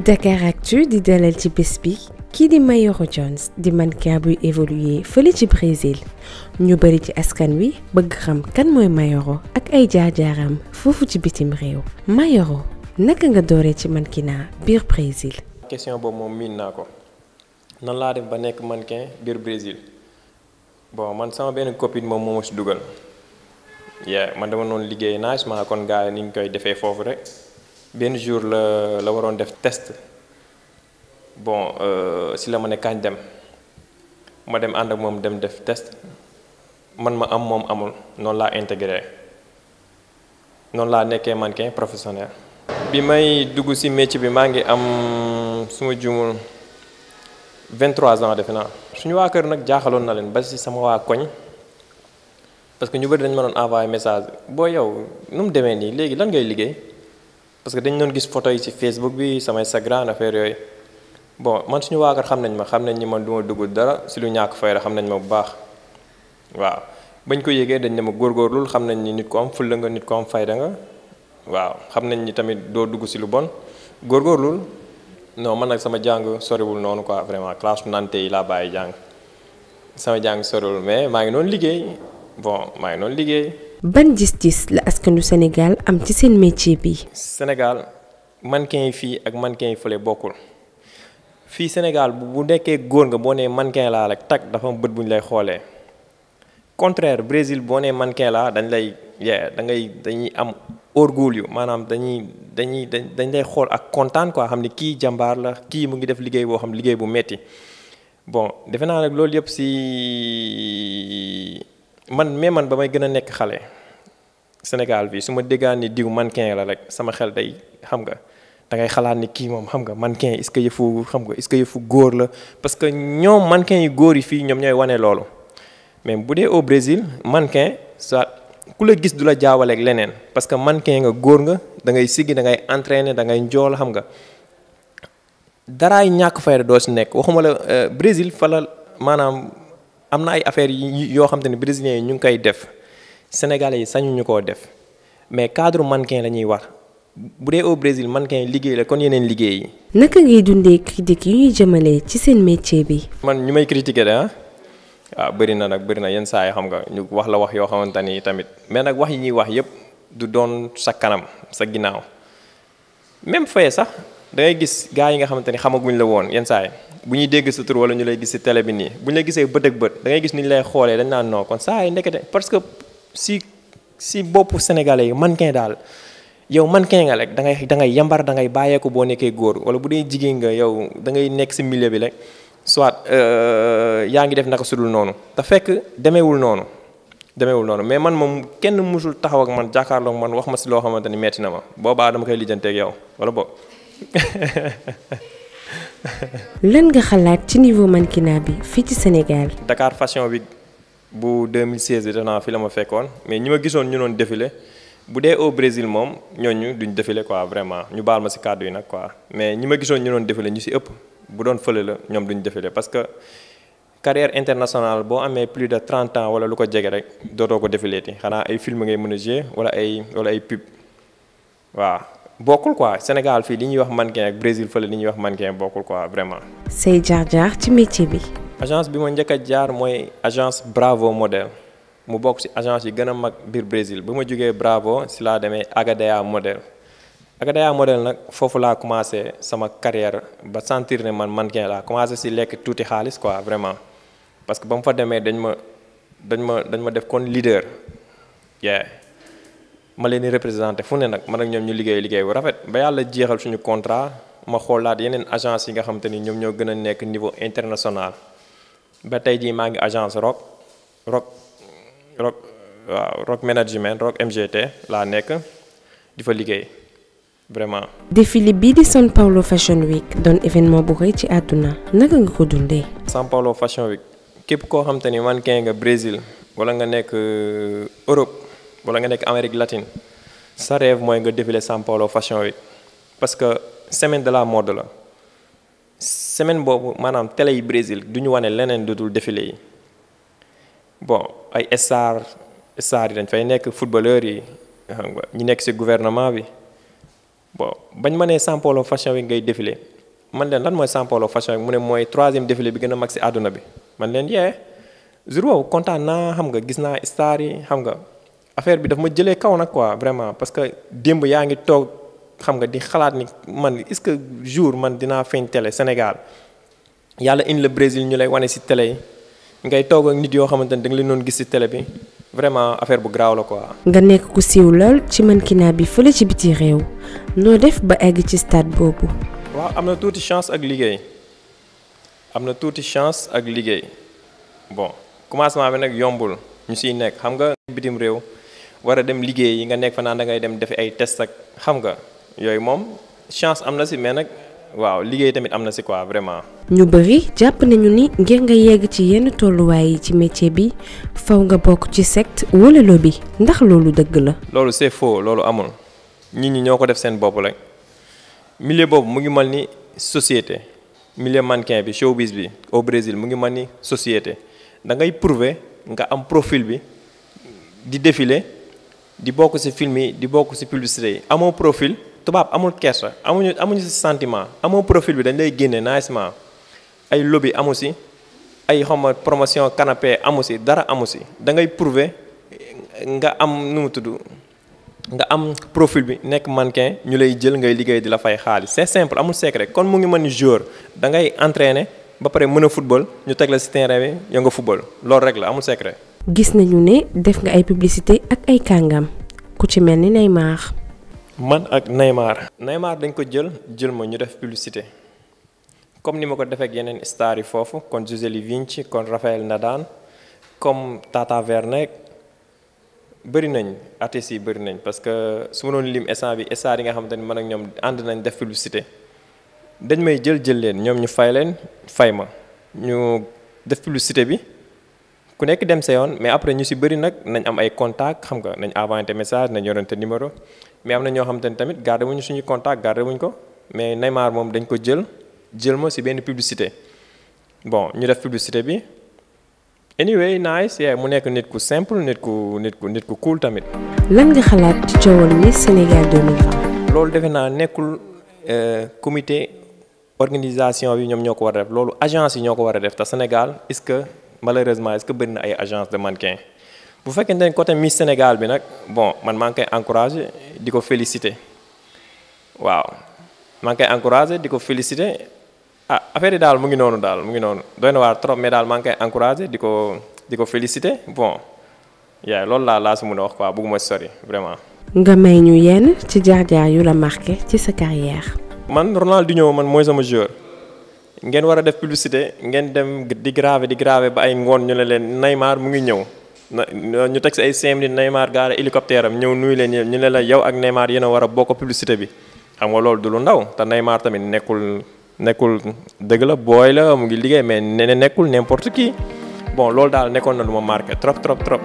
Dakar Actu di dalal ci bés bi kii di Mayoro Jones di mannequin buy évoluer fële ci Brésil ñu bari ci askan wi bëgg xam kan mooy Mayoro ak ay jaar-jaaram foofu ci bitim réew Mayoro naka nga dooree ci mannequinat biir Brésil. question boobu moom miin naa ko nan laa def ba nekk mannequin biir Brésil bon man sama benn copine moom moo ci dugal yeah man dama noonu liggéey naa kon gars yi ni ñu koy defee foofu rek. ben jour la la waroon def test bon euh si la ma kañ dem ma dem and ak mom dem def test man ma am mom amul non la intégré noonu laa nekkee mannequin professionnel. bi may dugg si métier bi maa ngi am suma ma 23 ans defe naa. suñu wa kër nak jaxalon na len ba ci sama wa koñ. parce que ñu bëri dañu mënon envoyer message bo yow nu mu ni légui lan ngay liggéey parce que dañ doon gis photo yi ci Facebook bi sama Instagram affaire yooyu bon man suñu waagar xam nañ ma xam nañ ni man du ma dugg dara si lu ñàkk fay la xam nañ ma bu baax waaw bañ ko yégee dañ ne ma góorgóorlul xam nañ ni nit ko am fulla nga nit ko am fayda nga waaw xam nañ ni tamit doo dugg si lu bon góor góorgóorlul non mën nag sama jàng soriwul noonu ko vraiment classe nante yi laa bàyyi jàng sama jàng soriwul mais maa ngi noonu liggéey bon maa ngi liggéey ban gis-gis la askanu Sénégal am ci seen métier bi. Sénégal mannequin yi fii ak mannequin yi fële bokkul fii Sénégal bu nekkee góor nga boo nee mannequin laa rek tag dafa bët bu ñu lay xoolee contraire Brésil boo nee mannequin laa dañ lay yee da ngay dañuy am orgueil yu maanaam dañuy dañuy dañ lay xool ak kontaan quoi xam ne kii jàmbaar la kii mu ngi def liggéey boo xam liggéey bu metti bon defe naa nag loolu yëpp si man mais man ba may gën a nekk xale. Sénégal bi su ma déggaan ni diw mannequin la rek sama xel day xam nga da ngay xalaat ni kii moom xam nga mannequin est-ce que yëfu xam nga est góor la parce que ñoom mannequin yu góor yi fii ñoom ñooy wane loolu mais bu dee au Brésil mannequin soit ku la gis du la jaawale leneen parce que mannequin nga góor nga da ngay siggi dangay ngay entraîner da ngay njool xam nga dara daraay ñàkk fayda doo si nekk waxuma la euh, Brésil fa la maanaam am na ay affaires yoo xam te ne brésiliens yi ñu ngi koy def sénégalais yi sañu ñu koo def mais cadre mannequin la ñuy war bu dee au Brésil mannequin liggéey la kon yeneen liggéey yi. naka ngay dundee critique yi ñuy jëmale ci seen métier bi. man ñu may critiquer de ah waaw ah, bëri na nag bëri na yenn saa yi xam nga ñu wax la wax yoo xamante ni tamit mais nag wax yi ñuy wax yëpp du doon sa kanam sa ginnaaw même fee sax da gis gars yi nga xamante ni xamaguñ la woon yenn saa yi bu ñuy dégg sa tur wala ñu lay gis si télé bi nii bu ñu lay gisee bët bët da ngay gis lay xoolee dañ naan si si boppu sénégalais yi mannequin daal yow man mannequin nga rek da ngay da ngay yambar da ngay bàyyeeku boo nekkee góor wala bu dee jigéen nga yow da ngay nekk si milieu bi rek soit euh, yaa ngi def naka sudul noonu te fekk demeewul noonu demeewul noonu mais man moom kenn musul taxaw ak man jàkkaarloog man wax ma si loo xamante ni metti na ma boobaa dama koy lijjanteeg yow wala bo lan nga xalaat ci niveau mannequinat bi fii ci Sénégal. Dakar fashion week. bu 2016 bi danaa fi la ma mais ñi ma gisoon ñu défilé bu dee au Brésil moom ñooñu duñ défilé quoi vraiment ñu baal ma ci cadeau yi nak quoi mais ñima ma ñu doon défilé ñu ci ëpp bu doon feulé la ñom duñ défilé parce que carrière internationale bo amé plus de 30 ans wala luko ko rek doto ko défilé ti xana ay film ngay mëna jé wala ay wala ay pub waaw bokul quoi Sénégal fi li ñuy wax mannequin ak Brésil feulé li ñuy wax mannequin bokul quoi vraiment. C'est jaar jaar ci métier bi. agence bi ma njëkk a jaar mooy agence Bravo Modèle mu bokk ci agence yi gën a mag biir Brésil bu ma jógee Bravo si laa demee Agadea Modèle Agadea Modèle nag foofu laa commencé sama carrière ba sentir ne man man mannequin laa commencé si lekk tuuti xaalis quoi vraiment parce que ba mu fa demee dañ ma dañ ma dañ ma def kon leader yeah ma leen di fu ne nag man ak ñoom ñu liggéey liggéey bu rafet ba yàlla jeexal suñu contrat ma xoolaat yeneen agence yi nga xam ni ñoom ñoo gën a nekk niveau international ba tey jii agence rock rock rock management rock MGT vraiment. défilé São Paulo Fashion Week un événement bu ci naka nga ko São Paulo Fashion Week képp koo xam te Brésil wala nga euh, Europe wala nga Amérique latine sa rêve mooy nga défilé Paulo Fashion Week parce que semaine de la mode semaine boobu maanaam télé yi Brésil du ñu wane leneen lu dul défilé yi bon ay star star yi dañ fay nekk footballeur yi ñu nekk ci gouvernement bi bon bañ ma nee São Paulo fashion week ngay défilé man leen lan mooy São Paulo fashion week mu ne mooy troisième défilé bi gën a mag ci àdduna bi man leen yee jour boobu kontaan naa xam nga gis naa star yi xam nga affaire bi daf ma jëlee kaw nag quoi vraiment démb yaa ngi toog. xam nga di xalaat ni man est-ce que jour man dinaa feeñ télé Sénégal yàlla indi le Brésil ñu lay wane si télé yi ngay toog ak nit yoo xamante ni da nga leen doon gis si télé bi vraiment affaire bu graaw la quoi. nga nekk ku siiw lool ci man kinaa bi fële ci biti réew noo def ba egg ci stade boobu. waaw am na tuuti chance ak liggéey am na tuuti chance ak liggéey bon commencement bi nag yombul ñu siy nekk xam nga bitim réew war a dem liggéey yi nga nekk fa naan da ngay dem def ay test ak xam nga. yooyu moom chance am na si mais nag waaw liggéey tamit am na si quoi vraiment. ñu bëri jàpp nañu ni ngir nga yegg ci yenn tolluwaay yi ci métier bi faw nga bokk ci secte wala lobby ndax loolu dëgg la. loolu c'est faux loolu amul nit ñi ñoo ko def seen bopp rek milieu boobu mu ngi mel ni société milieu manquin bi showbiz bi au Brésil mu ngi mel ni société dangay ngay prouver nga am profil bi di défiler di bokk ci film yi di bokk ci publicité yi amoo profil. tubaab amul kersa amuñu amuñu si sentiment amoo profil bi dañ lay génne ma, ay lobby amu si ay xawma promotion canapé amu si dara amu si da ngay prouver nga am nu mu tudd nga am profil bi nekk mannequin ñu lay jël ngay liggéey di la fay xaalis c'est simple amul secret kon mu ngi mën joueur da ngay entraîner ba pare mën a football ñu teg la si terrain bi yow nga football loolu rek la amul secret. gis nañu ne def nga ay publicité ak ay kàngam ku ci mel ni Neymar. man ak Neymar. Neymar dañ ko jël jël ma ñu def publicité comme ni ma ko defee ak yeneen star yi foofu kon Giuseppe Vinci kon Rafael Nadal comme Tata Werneck bëri nañ artistes yi bëri nañ parce que su ma doon lim instant bi star yi nga xamante ni man ak ñoom ànd nañ def publicité dañ may jël jël leen ñoom ñu fay leen fay ma ñu def publicité bi. ku nekk dem sa yoon mais après ñu si bëri nag nañ am ay contact xam nga nañ avanté message nañ yorante numéro mais am na ñoo xamante ne tamit gardé wuñ suñu contact garder wuñ ko mais Neymar moom dañ ko jël jël ma si benn publicité bon ñu def publicité bi anyway nice yeah mu nekk nit ku simple nit ku nit ku nit ku cool tamit. lan nga xalaat ci coowal Miss Sénégal 2020. loolu defe naa nekkul euh, comité organisation bi ñoom ñoo ko war a def loolu agence yi ñoo ko war a def te Sénégal est-ce que malheureusement est-ce que vous na agence de mannequin Vous faites ne côté Miss Sénégal bi nag bon man maa ngi koy féliciter. di ko félicité waaw maa ngi ah affaire yi daal mu ngi noonu daal mu ngi noonu doy trop mais daal maa ngi koy encouragé féliciter. ko bon yaay loolu la la sumu mun a wax quoi sori vraiment. nga may ñu yenn ci jaar-jaar yu la marqué ci sa carrière. man Ronaldinho man moy sama joueur. ngeen war a def publicité ngeen dem di gravé di gravé ba ay ngoon ñu ne leen Neymar mu ngi ñëw ñu teg si ay cinq minutes Neymar gaara hélicoptère am ñëw nuyu leen ñu ne la yow ak Neymar yéen a war a bokk publicité bi xam nga loolu du lu ndaw te Neymar tamit nekkul nekkul dëgg la booy la mu ngi liggéey mais ne nekkul n'importe kii bon loolu daal nekkoon na lu ma marqué trop trop trop